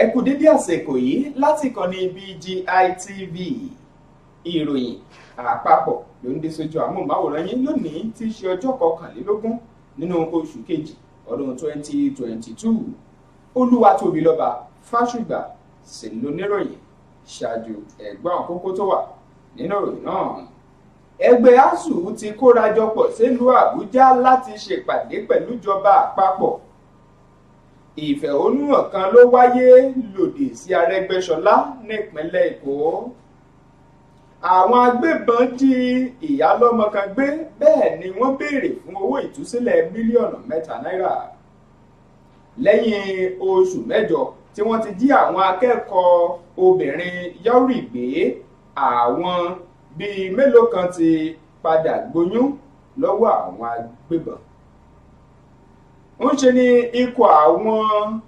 ẹ kú dédé àsìkò yìí láti ìkànnì BGI TV ìròyìn àpapọ̀ ló ń dé sójú àmúhùnmáwòrán yín lónìí tí í ṣe ọjọ́ kọkànlélógún nínú oṣù kejì ọdún 2022 olúwatóbilọ́ba fásùgbà sì ń lo níròyìn ṣáájú ẹ̀gbọ́n àkókò tó wà nínú ìròyìn náà ẹgbẹ́ asuu ti kórajọpọ̀ sílùú àbújá láti ṣèpàdé pẹ̀lú ìjọba àpapọ̀ ìfẹ̀hónúhàn kan ló wáyé lòdì sí Arẹ́gbẹ́ṣọlá nípínlẹ̀ Èkó àwọn agbébọn jí ìyálọ́mọ kan gbé bẹ́ẹ̀ ni wọ́n béèrè fún owó ìtúsílẹ̀ mílíọ̀nù mẹ́ta náírà lẹ́yìn oṣù mẹ́jọ tí wọ́n ti jí àwọn akẹ́kọ̀ọ́ obìnrin yọrì gbé àwọn bíi mélòó kan ti padà gbóyún lọ́wọ́ àwọn agbébọn ń ṣe ni ikọ̀ àwọn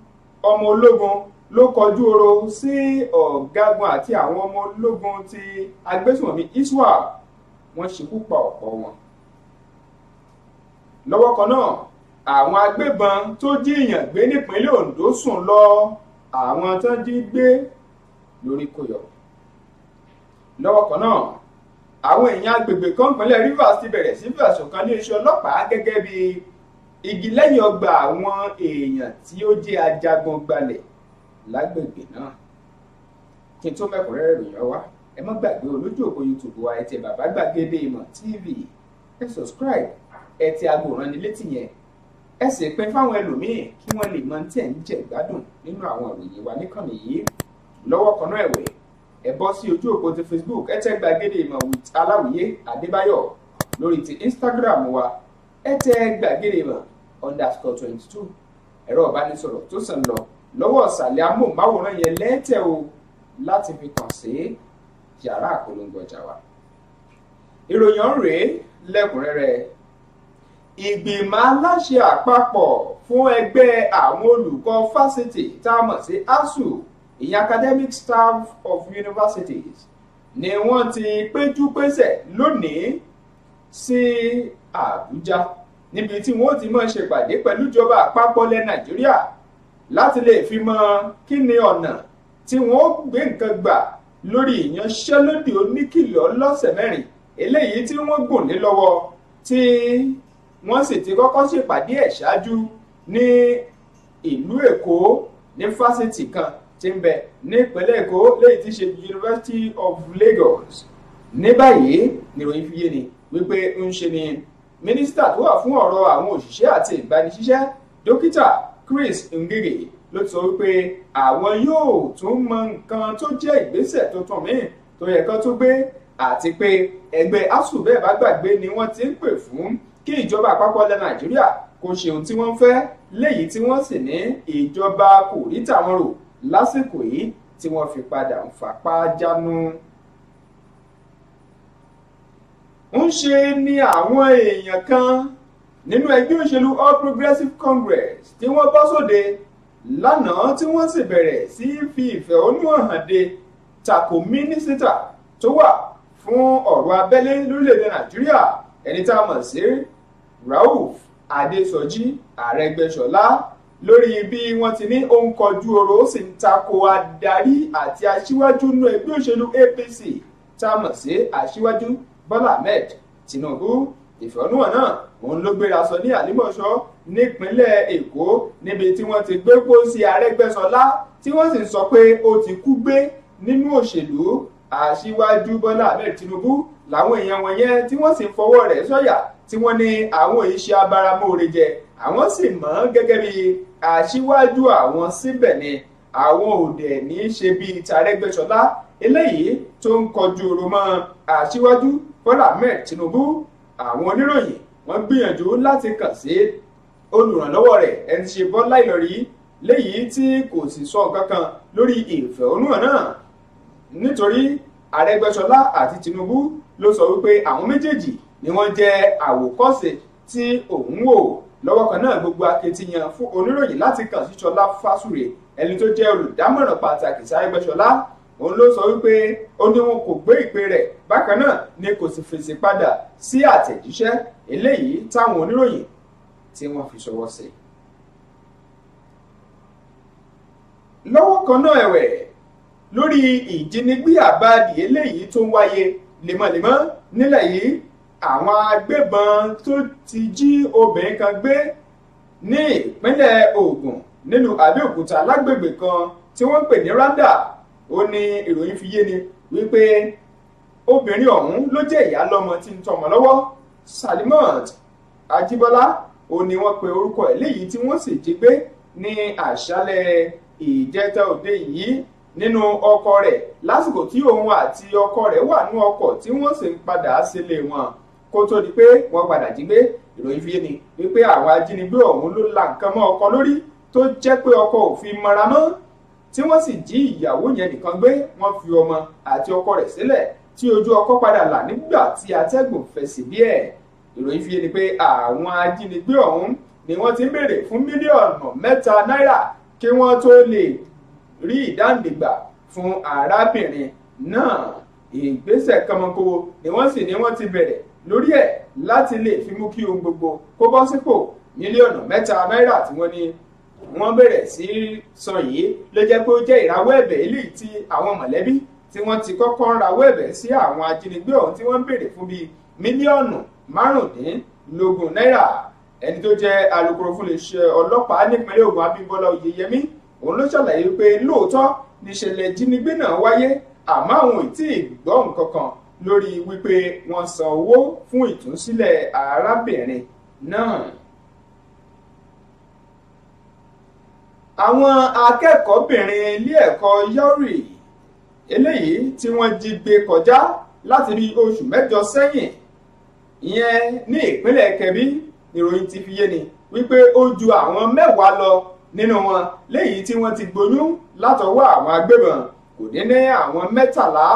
ọmọ ológun ló kọjú oro sí ọ̀gágun àti àwọn ọmọ ológun ti agbésùnmọ̀mí iswa wọ́n ṣekú pa ọ̀pọ̀ wọn. lọ́wọ́ kan náà àwọn agbébọn tó jí èèyàn gbé nípínlẹ̀ Ondo sùn lọ àwọn tán jí gbé lórí kó yọ. lọ́wọ́ kan náà àwọn èèyàn agbègbè kan pínlẹ̀ Rivers ti bẹ̀rẹ̀ sí fẹ̀sùn kan ní iṣẹ́ ọlọ́pàá gẹ́gẹ́ bíi igi lẹ́yìn ọgbà àwọn èèyàn tí ó jẹ́ ajagun gbalẹ̀ lágbègbè náà kí n tó mẹ́kúnrẹ́rẹ́ ìròyìn ọwá ẹ má gbàgbé olójú òpó youtube wa ẹ bàbá gbàgede ìmọ̀ tv ẹ subscribe ẹ tẹ aago ìránnilétí yẹn ẹ sì pín fáwọn ẹlòmíín kí wọ́n lè mọ tẹ̀ ń jẹ gbádùn nínú àwọn ìròyìn wa níkànnì yìí lọ́wọ́ kan náà ẹ̀wẹ̀ ẹ bọ́ sí ojú òpó ti facebook ẹ tẹ gbàgede ìmọ̀ with aláwìyé adébáyọ̀ lórí ti instagram wa ẹ tẹ gbàgede ìmọ̀ underscore twenty two ẹ̀rọ ìbánisọ̀rọ̀ tó sàn lọ lọ́wọ́ ìsàlẹ̀ amóhùnmáwòrán yẹn lẹ́tẹ̀ o láti fi kàn sí yàrá àpolongo ọjà wa. ìròyìn ọ̀hún rèé lẹ́kùnrẹ́rẹ́ ìgbìmọ̀ aláṣẹ àpapọ̀ fún ẹgbẹ́ àwọn olùkọ́ fásitì tá a mọ̀ sí ASUU ìyẹn academic staff of universities ni wọ́n ti péjú pésẹ̀ lónìí sí Àbújá. Si níbi tí wọ́n ti máa ṣèpàdé pẹ̀lú ìjọba àpapọ̀ lẹ nàìjíríà láti lè fi mọ kí ni ọ̀nà tí wọ́n gbé nǹkan gbà lórí ìyanṣẹ́lódì oníkìlọ̀ lọ́sẹ̀ mẹ́rin eléyìí tí wọ́n gùn lé lọ́wọ́ tí wọ́n sì ti kọ́kọ́ ṣèpàdé ẹ̀ ṣáájú ní ìlú èkó ní fásitì kan tí ń bẹ ní ìpínlẹ̀ èkó léyìí ti ṣe University of Lagos ní báyìí nìròyìn fi yé ni wípé ń ṣe ni mínísítà tó wà fún ọ̀rọ̀ àwọn òṣìṣẹ́ àti ìgbanisíṣẹ́ dókítà Chris Ngige ló sọ wípé àwọn yóò tún mọ nǹkan tó jẹ́ ìgbésẹ̀ tuntun míì tó yẹ kán tó gbé àti pé ẹgbẹ́ asuu bẹ́ẹ̀ bá gbàgbé ni wọ́n ti ń pè fún kí ìjọba àpapọ̀ ilẹ̀ Nàìjíríà kò ṣe ohun tí wọ́n fẹ́ léyìí tí wọ́n sì ní ìjọba kò rí tàwọn rò lásìkò yìí tí wọ́n fi padà ń fapá jánu ń ṣe ni àwọn èèyàn kan nínú ẹgbẹ́ òṣèlú All Progressives Congress tí wọ́n bọ́ sóde lánàá tí wọ́n sì bẹ̀rẹ̀ sí í fi ìfẹ̀hónúhàn hàn de tako mínísítà tó wà fún ọ̀rọ̀ abẹ́lé lórílẹ̀‐èdè Nàìjíríà ẹni tá a mọ̀ sí Rauf Adésọjí Àrẹ́gbẹ́ṣọlá lórí bí wọ́n ti ní òun kọjú ọ̀rọ̀ ó sì ń tako adarí àti aṣíwájú nínú ẹgbẹ́ òṣèlú APC tá a mọ̀ sí aṣíwájú Bọ́lá Ahmed Tinubu ìfẹ̀hónúhàn náà òun ló gbéra sọ ní Àlímọ̀ṣọ́ nípínlẹ̀ Èkó níbi tí wọ́n ti gbé pósí Arẹ́gbẹ́ṣọlá tí wọ́n sì ń sọ pé ó ti kú gbé nínú òṣèlú àṣìwájú Bọ́lá Ahmed Tinubu làwọn èèyàn wọ̀nyẹn tí wọ́n sì ń fọwọ́ rẹ̀ sọ̀yà tí wọ́n ní àwọn iṣẹ́ abáramóore jẹ àwọn sì mọ̀ ọ́n gẹ́gẹ́ bí aṣíwájú àwọn síbẹ̀ ni àwọn òde ní í ṣe bíi tàrẹ́gbẹ́ṣọlá eléyìí tó ń kọjú oró mọ́ aṣíwájú Bọ́lá Ahmed Tinubu àwọn oníròyìn wọ́n gbìyànjú láti kàn sí olùrànlọ́wọ́ rẹ̀ ẹni ṣe Bọ́lá Ìlọrí léyìí tí kò sì sọ nǹkan kan lórí ìfẹ̀hónúhàn náà nítorí Arẹ́gbẹ́ṣọlá àti Tinubu ló sọ wípé àwọn méjèèjì ni wọ́n jẹ́ àwòkọ́ṣe tí òun wò lọ́wọ́ kan náà gbogbo akitiyan fún oníròyìn láti kàn sí Ṣọlá Fásùrè ẹni tó jẹ́ olùdámọ̀ràn pàtàkì sí Arẹ́gbẹ́ṣọlá òun ló sọ wípé ó ní wọn kò gbé ìpè rẹ̀ bákan náà ni kò sì fèsì padà sí àtẹ̀jíṣẹ́ eléyìí táwọn oníròyìn tí wọ́n fi ṣọwọ́ sí. lọ́wọ́ kan náà ẹ̀wẹ̀ lórí ìjínigbé àbáàdì eléyìí tó ń wáyé lemọ́lemọ́ nílẹ̀ yìí àwọn agbébọn tó ti jí obìnrin kan gbé ní ìpínlẹ̀ Ògùn nínú Abẹ́òkúta lágbègbè kan tí wọ́n ń pè ní Randa ó ní ìròyìn fi yé ni wípé obìnrin ọ̀hún ló jẹ́ ìyá lọ́mọ tí ń tọ́mọ lọ́wọ́ Salimot Ajíbọ́lá ó ní wọ́n pe orúkọ ẹ̀ léyìí tí wọ́n sì jí gbé ní àṣálẹ́ ìjẹta òde yìí nínú ọkọ rẹ̀ lásìkò tí òun àti ọkọ rẹ̀ wà ní ọkọ̀ tí wọ́n sì ń padà sílé wọn kó tó di pé wọ́n padà jí gbé ìròyìn fi yé ni wípé àwọn ajínigbé ọ̀hún ló la nǹkan mọ́ ọkọ lórí tó jẹ́ pé ọkọ ò fi mọ́ra tí wọ́n sì jí ìyàwó yẹn nìkan gbé wọ́n fi ọmọ àti ọkọ rẹ̀ sílẹ̀ tí ojú ọkọ padà là nígbà tí atẹ́gùn fẹ́ sí bí ẹ̀ ìròyìn fi ni pé àwọn ajínigbé ọ̀hún ni wọ́n ti ń béèrè fún mílíọ̀nù mẹ́ta náírà kí wọ́n tó lè rí ìdáǹdìgbà fún arábìnrin náà ìgbésẹ̀ kọmọkó ni wọ́n sì ní wọ́n ti bẹ̀rẹ̀ lórí ẹ̀ láti lè fi mú kí ohun gbogbo kó bọ́ sípò mílíọ̀nù mẹ́ta náírà tí wọ́n ní wọ́n bẹ̀rẹ̀ sí sọ yìí ló jẹ́ pé ó jẹ́ ìrawọ́ ẹ̀bẹ̀ eléyìí tí àwọn mọ̀lẹ́bí tí wọ́n ti kọ́kọ́ ń rawọ́ ẹ̀bẹ̀ sí àwọn ajínigbé ọ̀hún tí wọ́n ń béèrè fún bíi mílíọ̀nù márùndínlógún náírà ẹni tó jẹ́ alukoro fún iléeṣẹ́ ọlọ́pàá nípínlẹ̀ Ògùn Abímbọ́lá Oyèyẹmí òun ló ṣàlàyé pé lóòótọ́ níṣẹ̀lẹ̀ ìjínigbé náà wáyé àmọ́ àwọn ò tí ì gbọ́ nǹkan kan lórí wípé wọ́n san owó fún ìtúsílẹ̀ arábìnrin náà. àwọn akẹ́kọ̀ọ́bìnrin ilé ẹ̀kọ́ yọrì eléyìí tí wọ́n jí gbé kọjá láti bí oṣù mẹ́jọ sẹ́yìn ìyẹn ní ìpínlẹ̀ kẹbí níròyìn ti fi yé ni wípé ó ju àwọn mẹ́wàá lọ nínú wọn léyìí tí wọ́n ti gbóyún látọwọ́ àwọn agbébọn kò dín ní àwọn mẹ́tàlá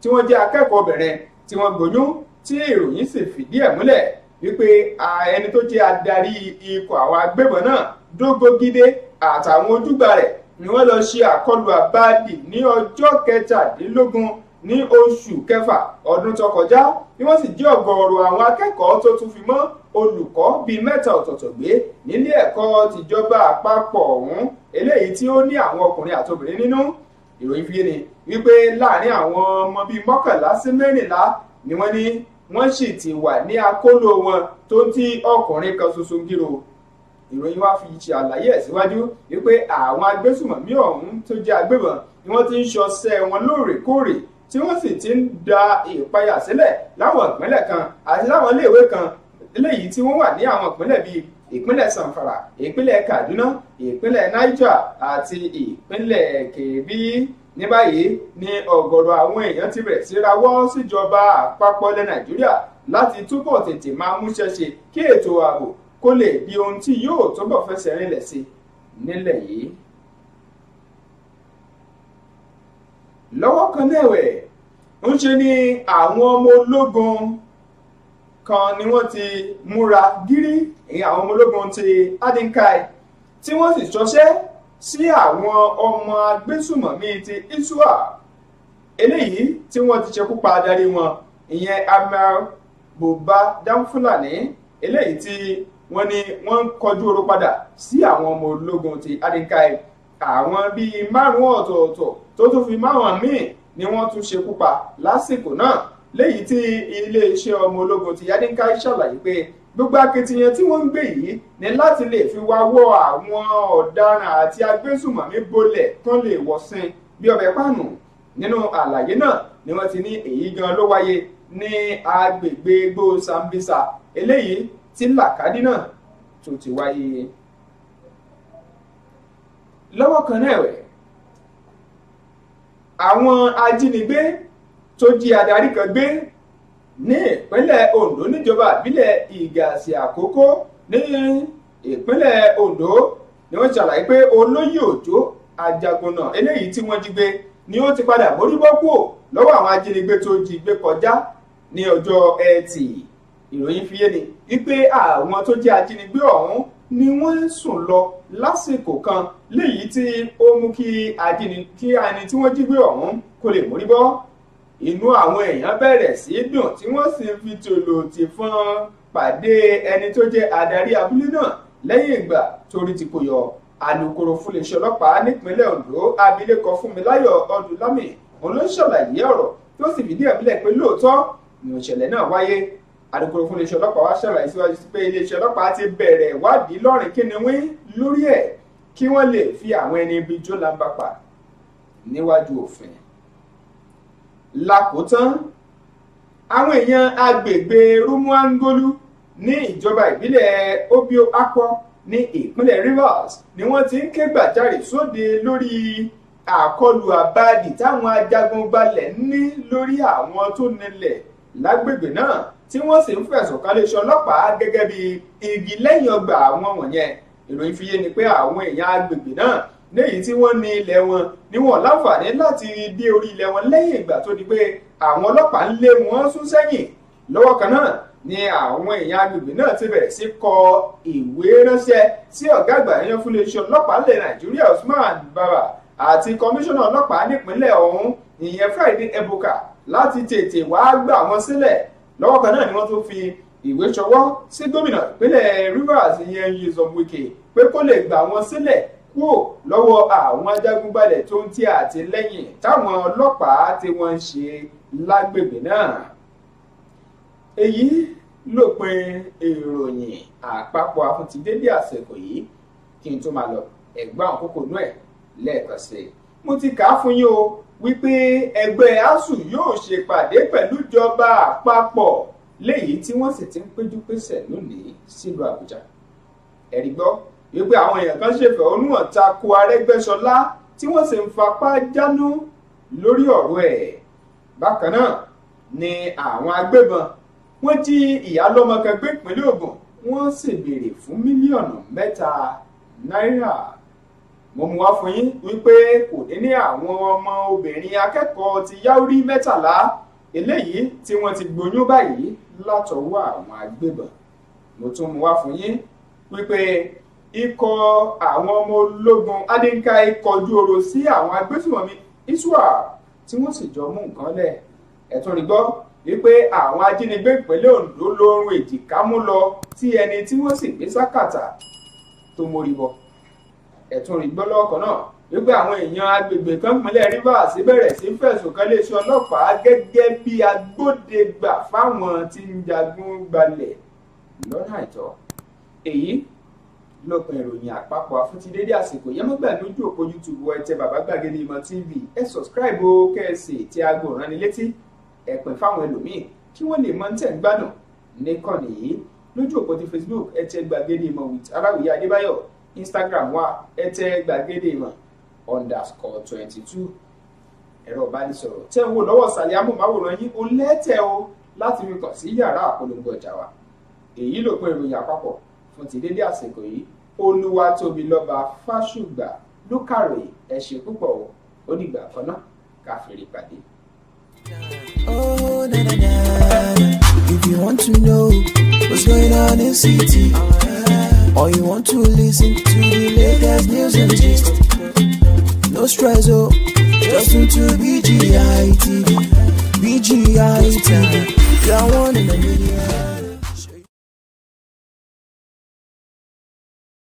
tí wọ́n jẹ́ akẹ́kọ̀ọ́bìnrin tí wọ́n gbóyún tí ìròyìn sì fìdí ẹ̀ múlẹ̀ wípé ẹni tó jẹ́ adarí ikọ̀ àwọn agbébọn náà dógógídé àtàwọn ojúgbà rẹ̀ ni wọ́n lọ ṣe àkọlù àbáàdì ní ọjọ́ kẹtàdínlógún ní oṣù kẹfà ọdún tó kọjá bí wọ́n sì jí ọ̀gọ̀ọ̀rọ̀ àwọn akẹ́kọ̀ọ́ tó tún fi mọ́ olùkọ́ bíi mẹ́ta ọ̀tọ̀ọ̀tọ̀ gbé nílé ẹ̀kọ́ tìjọba àpapọ̀ ọ̀hún eléyìí tí ó ní àwọn ọkùnrin àtobìnrin nínú ìròyìn fi ni wípé láàárín àwọn ọmọ bíi mọ́kànlá sí mẹ́rìnlá ni wọ́n ní wọ́n sì ti wà ní akóló wọn tó ń ti ọkùnrin kan ṣoṣo gírò ìròyìn wa fi ṣe àlàyé ẹ̀ síwájú wípé àwọn agbésùmọ̀mí ọ̀hún tó jẹ́ agbébọn ni wọ́n ti ń ṣọṣẹ́ wọn lóòrèkóòrè tí wọ́n sì ti ń da ìpayà sílẹ̀ láwọn ìpínlẹ̀ kan àti láwọn iléèwé kan eléyìí tí wọ́n wà ní àwọn ìpínlẹ̀ bíi ìpínlẹ̀ Zamfara ìpínlẹ̀ Kaduna ìpínlẹ̀ Niger àti ìpínlẹ̀ Kebbi ní báyìí ni ọ̀gọ̀rọ̀ àwọn èèyàn ti bẹ̀rẹ̀ sí rawọ́ síjọba àpapọ̀ ilẹ̀ Nàìjíríà láti túbọ̀ tètè máa múṣẹ́ ṣe kí ètò ààbò kó lè di ohun tí yóò túbọ̀ fẹsẹ̀ rinlẹ̀ sí nílẹ̀ yìí. lọ́wọ́ kan náà ẹ̀wẹ̀ ń ṣe ni àwọn ọmọ ológun kan ni wọ́n ti múra gírí èyí àwọn ọmọ ológun ti adinkai tí wọ́n sì ṣọṣẹ́ sí àwọn ọmọ agbésùmọ̀mí ti isua eléyìí tí wọ́n ti ṣekú pa adarí wọn ìyẹn amel buba danfulani eléyìí tí wọ́n ní wọ́n ń kọjú oró padà sí àwọn ọmọ ológun ti adinkai àwọn bíi márùn ọ̀tọ̀ọ̀tọ̀ tó tún fi márùn míì ni wọ́n tún ṣekú pa lásìkò náà léyìí tí iléeṣẹ́ ọmọ ológun ti Yadinka ṣàlàyé pé gbogbo akitiyan tí wọ́n ń gbé yìí ni láti lè fi wá wọ́ àwọn ọ̀daràn àti agbésùmọ̀mí bolẹ̀ tán lè wọ̀sìn bí ọbẹ̀ pàánù nínú àlàyé náà ni wọ́n ti ní èyí gan ló wáyé ní agbègbè gbó Sambisa eléyìí tí làkàdí náà tó ti wáyé lọ́wọ́ kan náà ẹ̀wẹ̀ àwọn ajínigbé tó jí adarí kan gbé ní ìpínlẹ̀ Ondo níjọba ìbílẹ̀ Ìgàsì Àkókó ní ìpínlẹ̀ Ondo ni wọ́n ṣàlàyé pé olóyè Òjó Àjàgùnnà eléyìí tí wọ́n jí gbé ni ó ti padà mórí bọ́ kúò lọ́wọ́ àwọn ajínigbé tó jí gbé kọjá ní ọjọ́ Ẹtì ìròyìn fi yé ni wípé àwọn tó jẹ́ ajínigbé ọ̀hún ni wọ́n ń sùn lọ lásìkò kan léyìí tí ó mú kí ẹni tí wọ́n jí gbé ọ̀hún kó lè mórí bọ́ inú àwọn èèyàn bẹ̀rẹ̀ sí í dùn tí wọ́n sì fi tòlò tì fọ́n pàdé ẹni tó jẹ́ adarí abúlé náà lẹ́yìn ìgbà torí ti kò yọ alukoro fúnléṣẹ́ ọlọ́pàá nípínlẹ̀ Ondo abilékọ Fúnmiláyọ̀ Ọdúnlámì òun ló ṣàlàyé ọ̀rọ̀ tó sì fìdí ẹ̀ múlẹ̀ pé lóòótọ́ ni ìṣẹ̀lẹ̀ náà wáyé alukoro fúnléṣẹ́ ọlọ́pàá wá ṣàlàyé síwájú sí pé iléeṣẹ́ ọlọ́pàá ti bẹ̀rẹ̀ ìwádìí lọ́rìn kíniwín lórí ẹ̀ kí wọ́n lè fi àwọn ẹni ibi jó lambapa níwájú òfin lákòótán àwọn èèyàn agbègbè rumuangolu ní ìjọba ìbílẹ̀ obio akpọ ní ìpínlẹ̀ Rivers ni wọ́n ti ń ké gbàjarè sóde lórí àkọlù àbáàdì táwọn ajagun gbalẹ̀ ní lórí àwọn tó nílẹ̀ lágbègbè náà tí wọ́n sì ń fẹ̀sùn kálé iṣẹ́ ọlọ́pàá gẹ́gẹ́ bí igi lẹ́yìn ọgbà àwọn wọ̀nyẹn ìròyìn fi yé ni pé àwọn èèyàn agbègbè náà léyìí tí wọ́n ní ilẹ̀ wọn ni wọ́n láǹfààní láti dé orí ilẹ̀ wọn lẹ́yìn ìgbà tó di pé àwọn ọlọ́pàá ń lé wọn sún sẹ́yìn lọ́wọ́ kan náà ni àwọn èèyàn agbègbè náà ti bẹ̀rẹ̀ sí kọ ìwé ránṣẹ́ sí ọ̀gá àgbà yẹn fún iléeṣẹ́ ọlọ́pàá ilẹ̀ nàìjíríà Usman Baba àti kọmíṣánná ọlọ́pàá nípínlẹ̀ ọ̀hún ìyẹn Friday Ebuka láti tètè wáá gbà wọ́n sílẹ̀ lọ́wọ́ kan náà ni wọ́n tún fi ìwé ṣọwọ́ sí gómìnà ìpínlẹ̀ Rivers ìyẹn Nyesom Wike pé kó lè gbà wọ́n sílẹ̀ kúrò lọ́wọ́ àwọn ajagunbalẹ̀ tó ń tì àtìlẹ́yìn táwọn ọlọ́pàá tí wọ́n ń ṣe lágbègbè náà. èyí lópin ìròyìn àpapọ̀ àfúntidédé àsìkò yìí kí n tó máa lọ ẹ̀gbọ́n àwọn kókó inú ẹ̀ lẹ́ẹ̀kan sí i. mo ti kà á fún yín o wípé ẹgbẹ́ asuu yóò ṣèpàdé pẹ̀lú ìjọba àpapọ̀ léyìí tí wọ́n sì ti ń péjú pésẹ̀ lónìí sílùú àbújá ẹ̀rí gbọ́ wípé àwọn èèyàn kan ṣèfẹ̀hónúhàn tako Arẹ́gbẹ́ṣọlá tí wọ́n sì ń fapá jánú lórí ọ̀rọ̀ ẹ̀ bákan náà ni àwọn agbébọn wọ́n jí ìyálọ́mọ kan gbé ìpínlẹ̀ Ògùn wọ́n sì béèrè fún mílíọ̀nù mẹ́ta náírà mo mú wá fún yín wípé kò ní ní àwọn ọmọ obìnrin akẹ́kọ̀ọ́ ti yáwórí mẹ́tàlá eléyìí tí wọ́n ti gbóyún báyìí látọwọ́ àwọn agbébọn mo tún mú wá fún yín wípé ikọ̀ àwọn ọmọ ológun adínká ikọ̀ ojú oro sí àwọn agbésùmọ̀mí iswa tí wọ́n sì jọ mú nǹkan lẹ̀ ẹ̀tún rí gbọ́ wípé àwọn ajínigbé ìpínlẹ̀ Ondo lóorun èjìká mú lọ tí ẹni tí wọ́n sì gbé sákàtà tó mórí bọ́ ẹ̀tún rí gbọ́ lọ́kọ̀ náà wípé àwọn èèyàn agbègbè kan pínlẹ̀ Rivers bẹ̀rẹ̀ sí fẹ̀sùn kan iléeṣẹ́ ọlọ́pàá gẹ́gẹ́ bí agbódegbà fáwọn tí ń jagun gbalẹ̀ lọ́nà àìtọ́ èyí lọ́gbọ̀n ìròyìn àpapọ̀ àfúntidédé àsìkò yẹn mọ́gbà lójú òpó youtube wọ ẹtẹ bàbá gbàgede ìmọ̀ tv ẹ sọ̀scribe o kẹ́ẹ̀sì tí aago ìránnilétí ẹ̀pẹ̀ fáwọn ẹlòmíì kí wọ́n lè mọ ń tẹ̀ ń gbádùn nìkànnì yìí lójú òpó ti facebook ẹtẹ gbàgede ìmọ̀ with aláwìyé adébáyọ̀ instagram wa ẹtẹ gbàgede ìmọ̀ underscore twenty two ẹ̀rọ ìbánisọ̀rọ̀ tẹ́ ń wò lọ́wọ́ sàlẹ̀ amóhùnmáwòrán yín o lẹ́tẹ̀ o láti fi kàn sí yàrá àpolongo ọjà wa èyí lòpin ìròyìn àpapọ̀ fún ti dédé àsìkò yìí olúwa tóbi lọ́ba fáṣùgbà ló kàròyìn ẹ ṣe púpọ̀ o ó dìgbà kan náà ká fèrè pàdé. Oh, If you want to know what's going on in city, or you want to listen to the latest news and gist, no stress, oh, just tune to BGI TV, BGI TV, you're one in a million.